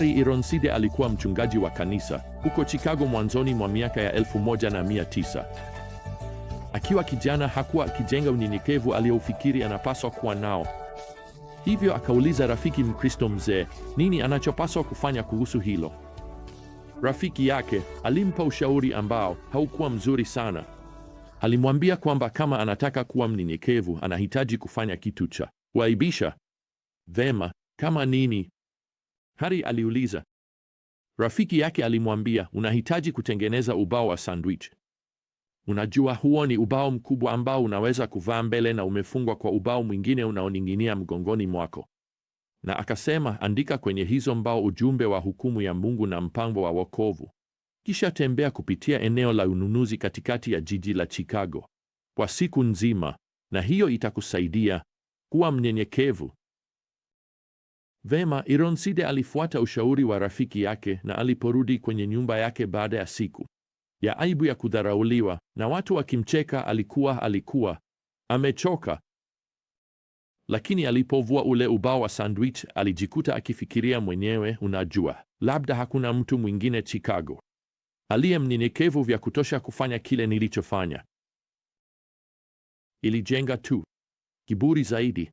Larry Ironside alikuwa mchungaji wa kanisa huko Chicago mwanzoni mwa miaka ya 1900. Akiwa kijana hakuwa akijenga unyenyekevu aliyoufikiri anapaswa kuwa nao. Hivyo akauliza rafiki Mkristo mzee nini anachopaswa kufanya kuhusu hilo. Rafiki yake alimpa ushauri ambao haukuwa mzuri sana. Alimwambia kwamba kama anataka kuwa mnyenyekevu, anahitaji kufanya kitu cha kuaibisha. Vema, kama nini? Harry aliuliza. Rafiki yake alimwambia, unahitaji kutengeneza ubao wa sandwich. Unajua, huo ni ubao mkubwa ambao unaweza kuvaa mbele na umefungwa kwa ubao mwingine unaoning'inia mgongoni mwako. Na akasema, andika kwenye hizo mbao ujumbe wa hukumu ya Mungu na mpango wa wokovu. Kisha tembea kupitia eneo la ununuzi katikati ya jiji la Chicago kwa siku nzima, na hiyo itakusaidia kuwa mnyenyekevu Vema, Ironside alifuata ushauri wa rafiki yake, na aliporudi kwenye nyumba yake baada ya siku ya aibu ya kudharauliwa na watu wakimcheka, alikuwa alikuwa amechoka. Lakini alipovua ule ubao wa sandwich, alijikuta akifikiria mwenyewe, unajua, labda hakuna mtu mwingine Chicago aliye mnyenyekevu vya kutosha kufanya kile nilichofanya. Ilijenga tu kiburi zaidi.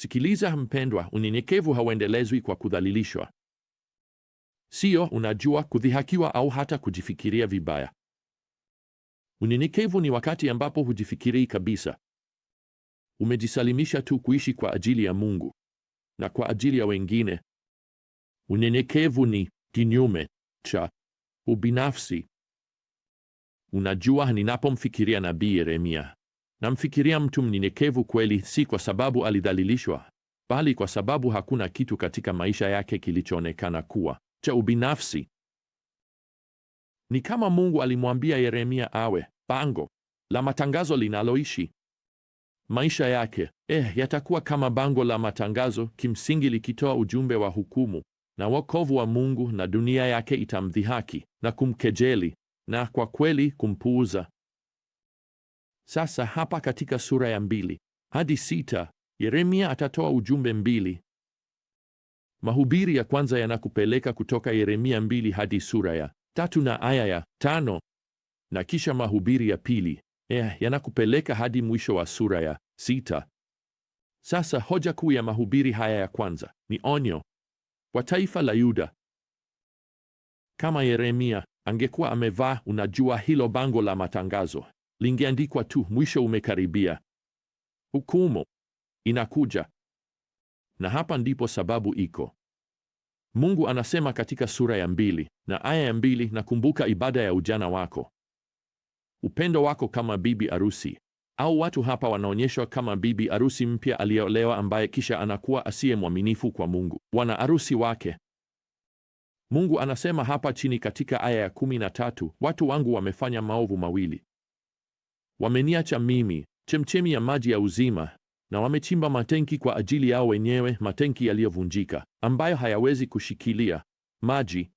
Sikiliza mpendwa, unyenyekevu hauendelezwi kwa kudhalilishwa. Sio, unajua, kudhihakiwa au hata kujifikiria vibaya. Unyenyekevu ni wakati ambapo hujifikirii kabisa. Umejisalimisha tu kuishi kwa ajili ya Mungu na kwa ajili ya wengine. Unyenyekevu ni kinyume cha ubinafsi. Unajua, ninapomfikiria nabii Yeremia Namfikiria mtu mnyenyekevu kweli, si kwa sababu alidhalilishwa, bali kwa sababu hakuna kitu katika maisha yake kilichoonekana kuwa cha ubinafsi. Ni kama Mungu alimwambia Yeremia awe bango la matangazo linaloishi. Maisha yake eh, yatakuwa kama bango la matangazo, kimsingi likitoa ujumbe wa hukumu na wokovu wa Mungu, na dunia yake itamdhihaki na kumkejeli na kwa kweli kumpuuza. Sasa hapa katika sura ya mbili hadi sita Yeremia atatoa ujumbe mbili. Mahubiri ya kwanza yanakupeleka kutoka Yeremia mbili hadi sura ya tatu na aya ya tano na kisha mahubiri ya pili eh, yanakupeleka hadi mwisho wa sura ya sita. Sasa hoja kuu ya mahubiri haya ya kwanza ni onyo kwa taifa la Yuda. Kama Yeremia angekuwa amevaa, unajua, hilo bango la matangazo lingeandikwa tu, mwisho umekaribia, hukumu inakuja. Na hapa ndipo sababu iko. Mungu anasema katika sura ya mbili na aya ya mbili nakumbuka ibada ya ujana wako, upendo wako kama bibi arusi au watu hapa wanaonyeshwa kama bibi arusi mpya aliyeolewa ambaye kisha anakuwa asiye mwaminifu kwa Mungu, wana arusi wake. Mungu anasema hapa chini katika aya ya kumi na tatu, watu wangu wamefanya maovu mawili, Wameniacha mimi, chemchemi ya maji ya uzima, na wamechimba matenki kwa ajili yao wenyewe, matenki yaliyovunjika ambayo hayawezi kushikilia maji.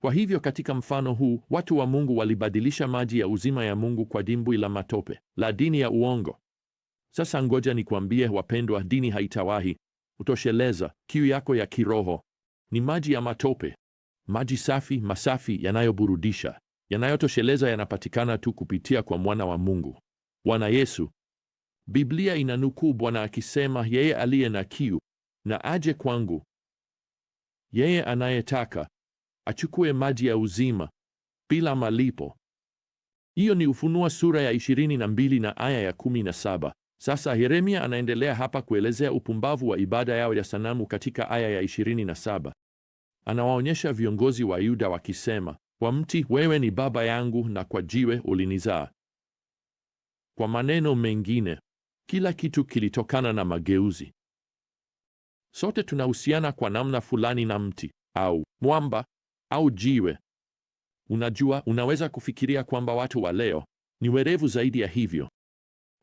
Kwa hivyo katika mfano huu, watu wa Mungu walibadilisha maji ya uzima ya Mungu kwa dimbwi la matope la dini ya uongo. Sasa ngoja kuambie wapendwa, dini haitawahi kutosheleza kiu yako ya kiroho. Ni maji ya matope, maji safi, masafi, yanayoburudisha yanayotosheleza yanapatikana tu kupitia kwa mwana wa Mungu, Bwana Yesu. Biblia inanukuu Bwana akisema, yeye aliye na kiu na aje kwangu, yeye anayetaka achukue maji ya uzima bila malipo. Hiyo ni Ufunua sura ya 22 na aya ya 17. Sasa Yeremia anaendelea hapa kuelezea upumbavu wa ibada yao ya sanamu. Katika aya ya 27 anawaonyesha viongozi wa Yuda wakisema kwa mti wewe ni baba yangu, na kwa jiwe ulinizaa. Kwa maneno mengine, kila kitu kilitokana na mageuzi. Sote tunahusiana kwa namna fulani na mti au mwamba au jiwe. Unajua, unaweza kufikiria kwamba watu wa leo ni werevu zaidi ya hivyo.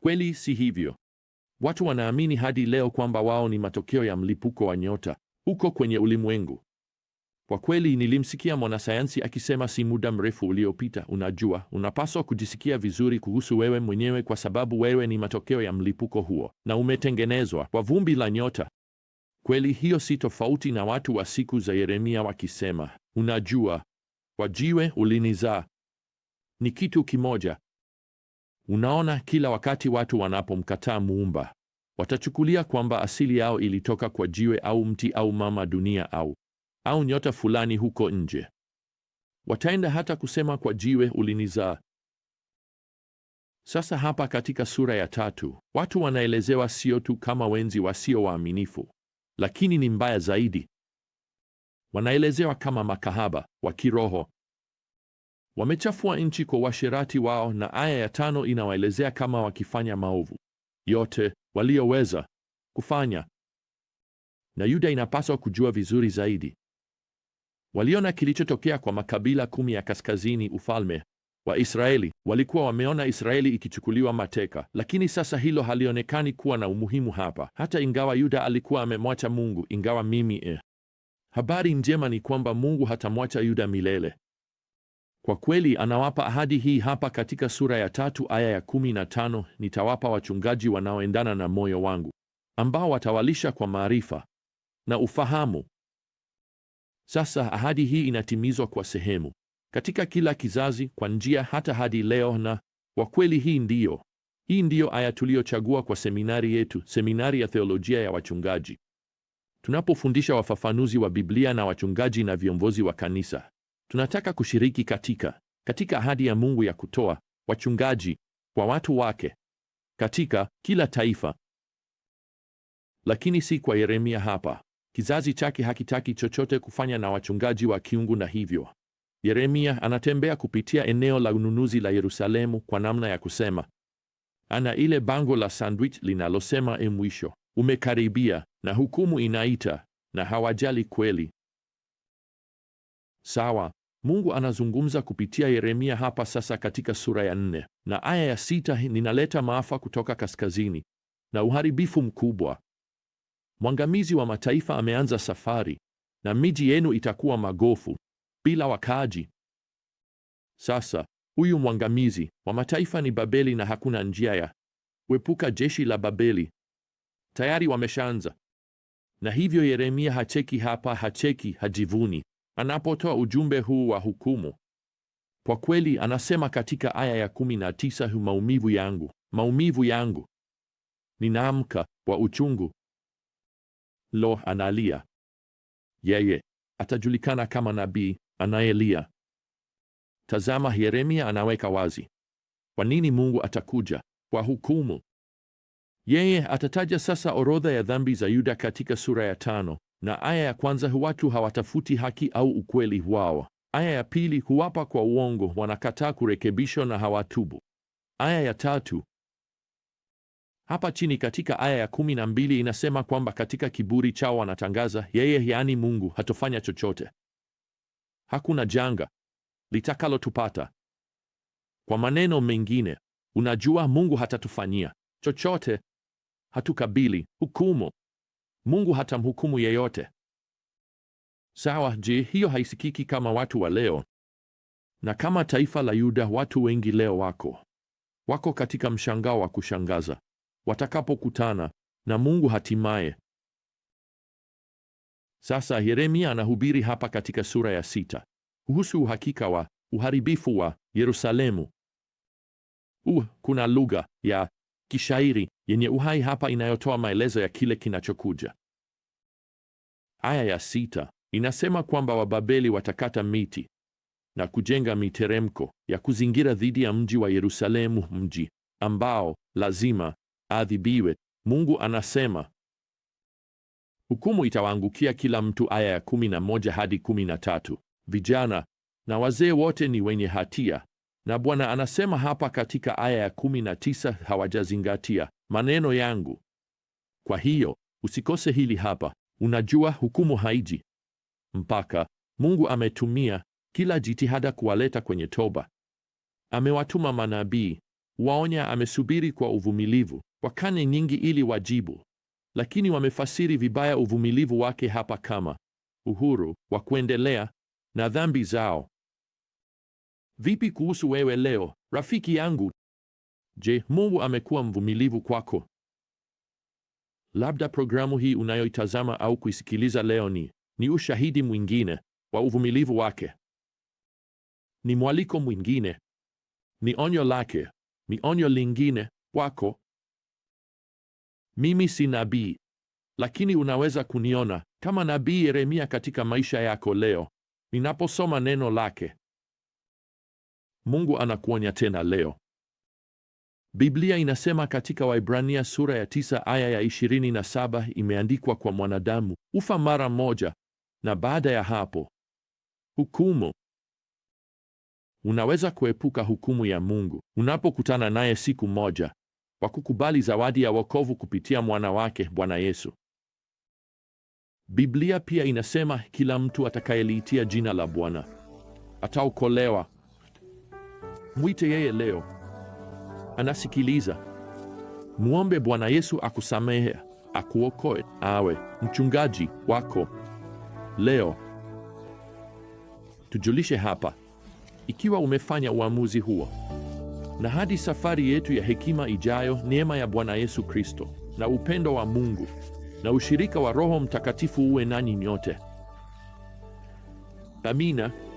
Kweli si hivyo. Watu wanaamini hadi leo kwamba wao ni matokeo ya mlipuko wa nyota uko kwenye ulimwengu. Kwa kweli nilimsikia mwanasayansi akisema si muda mrefu uliopita, unajua, unapaswa kujisikia vizuri kuhusu wewe mwenyewe kwa sababu wewe ni matokeo ya mlipuko huo na umetengenezwa kwa vumbi la nyota. Kweli hiyo si tofauti na watu wa siku za Yeremia wakisema, unajua, kwa jiwe ulinizaa. Ni kitu kimoja. Unaona, kila wakati watu wanapomkataa Muumba, watachukulia kwamba asili yao ilitoka kwa jiwe au mti au mama dunia au au nyota fulani huko nje. Wataenda hata kusema kwa jiwe, ulinizaa. Sasa hapa katika sura ya tatu, watu wanaelezewa sio tu kama wenzi wasio waaminifu, lakini ni mbaya zaidi, wanaelezewa kama makahaba wa kiroho. Wamechafua nchi kwa uasherati wao, na aya ya tano inawaelezea kama wakifanya maovu yote walioweza kufanya. Na Yuda inapaswa kujua vizuri zaidi Waliona kilichotokea kwa makabila kumi ya kaskazini ufalme wa Israeli. Walikuwa wameona Israeli ikichukuliwa mateka, lakini sasa hilo halionekani kuwa na umuhimu hapa, hata ingawa Yuda alikuwa amemwacha Mungu. Ingawa mimi eh, habari njema ni kwamba Mungu hatamwacha Yuda milele. Kwa kweli anawapa ahadi hii hapa katika sura ya tatu aya ya kumi na tano nitawapa wachungaji wanaoendana na moyo wangu ambao watawalisha kwa maarifa na ufahamu. Sasa ahadi hii inatimizwa kwa sehemu katika kila kizazi kwa njia hata hadi leo, na kwa kweli hii ndiyo hii ndiyo aya tuliyochagua kwa seminari yetu, seminari ya theolojia ya wachungaji. Tunapofundisha wafafanuzi wa Biblia na wachungaji na viongozi wa kanisa, tunataka kushiriki katika katika ahadi ya Mungu ya kutoa wachungaji kwa watu wake katika kila taifa, lakini si kwa Yeremia hapa. Kizazi chake hakitaki chochote kufanya na wachungaji wa kiungu, na hivyo Yeremia anatembea kupitia eneo la ununuzi la Yerusalemu kwa namna ya kusema, ana ile bango la sandwich linalosema e, mwisho umekaribia na hukumu inaita, na hawajali kweli. Sawa, Mungu anazungumza kupitia Yeremia hapa sasa katika sura ya nne na aya ya sita ninaleta maafa kutoka kaskazini na uharibifu mkubwa Mwangamizi wa mataifa ameanza safari, na miji yenu itakuwa magofu bila wakaaji. Sasa huyu mwangamizi wa mataifa ni Babeli, na hakuna njia ya kuepuka jeshi la Babeli. Tayari wameshaanza. Na hivyo Yeremia hacheki hapa, hacheki, hajivuni anapotoa ujumbe huu wa hukumu. Kwa kweli anasema katika aya ya 19, maumivu yangu, maumivu yangu, ninaamka kwa uchungu Lo, analia! Yeye atajulikana kama nabii anayelia. Tazama, Yeremia anaweka wazi kwa nini Mungu atakuja kwa hukumu. Yeye atataja sasa orodha ya dhambi za Yuda katika sura ya tano na aya ya kwanza watu hawatafuti haki au ukweli wao. Aya ya pili huwapa kwa uongo, wanakataa kurekebishwa na hawatubu. Aya ya tatu hapa chini katika aya ya kumi na mbili inasema kwamba katika kiburi chao wanatangaza yeye, yaani Mungu, hatofanya chochote, hakuna janga litakalotupata. Kwa maneno mengine, unajua, Mungu hatatufanyia chochote, hatukabili hukumu, Mungu hatamhukumu yeyote. Sawa. Je, hiyo haisikiki kama watu wa leo? Na kama taifa la Yuda, watu wengi leo wako wako katika mshangao wa kushangaza watakapokutana na Mungu hatimaye. Sasa Yeremia anahubiri hapa katika sura ya sita kuhusu uhakika wa uharibifu wa Yerusalemu. Uh, kuna lugha ya kishairi yenye uhai hapa inayotoa maelezo ya kile kinachokuja. Aya ya sita inasema kwamba Wababeli watakata miti na kujenga miteremko ya kuzingira dhidi ya mji wa Yerusalemu, mji ambao lazima aadhibiwe. Mungu anasema hukumu itawaangukia kila mtu, aya ya kumi na moja hadi kumi na tatu. Vijana na wazee wote ni wenye hatia, na Bwana anasema hapa katika aya ya kumi na tisa hawajazingatia maneno yangu. Kwa hiyo usikose hili hapa. Unajua, hukumu haiji mpaka Mungu ametumia kila jitihada kuwaleta kwenye toba. Amewatuma manabii waonya, amesubiri kwa uvumilivu kwa nyingi ili wajibu, lakini wamefasiri vibaya uvumilivu wake hapa kama uhuru wa kuendelea na dhambi zao. Vipi kuhusu wewe leo, rafiki yangu? Je, Mungu amekuwa mvumilivu kwako? Labda programu hii unayoitazama au kuisikiliza leo ni ni ushahidi mwingine wa uvumilivu wake, ni mwaliko mwingine, ni onyo lake, ni onyo lingine kwako. Mimi si nabii, lakini unaweza kuniona kama nabii Yeremia katika maisha yako leo ninaposoma neno lake. Mungu anakuonya tena leo. Biblia inasema katika Waibrania sura ya tisa aya ya 27 na saba imeandikwa kwa mwanadamu ufa mara moja na baada ya hapo hukumu. Unaweza kuepuka hukumu ya Mungu unapokutana naye siku moja kwa kukubali zawadi ya wokovu kupitia mwana wake Bwana Yesu. Biblia pia inasema kila mtu atakayeliitia jina la Bwana ataokolewa. Mwite yeye leo, anasikiliza. Muombe Bwana Yesu akusamehe, akuokoe, awe mchungaji wako leo. Tujulishe hapa ikiwa umefanya uamuzi huo. Na hadi safari yetu ya hekima ijayo, neema ya Bwana Yesu Kristo na upendo wa Mungu na ushirika wa Roho Mtakatifu uwe nanyi nyote. Amina.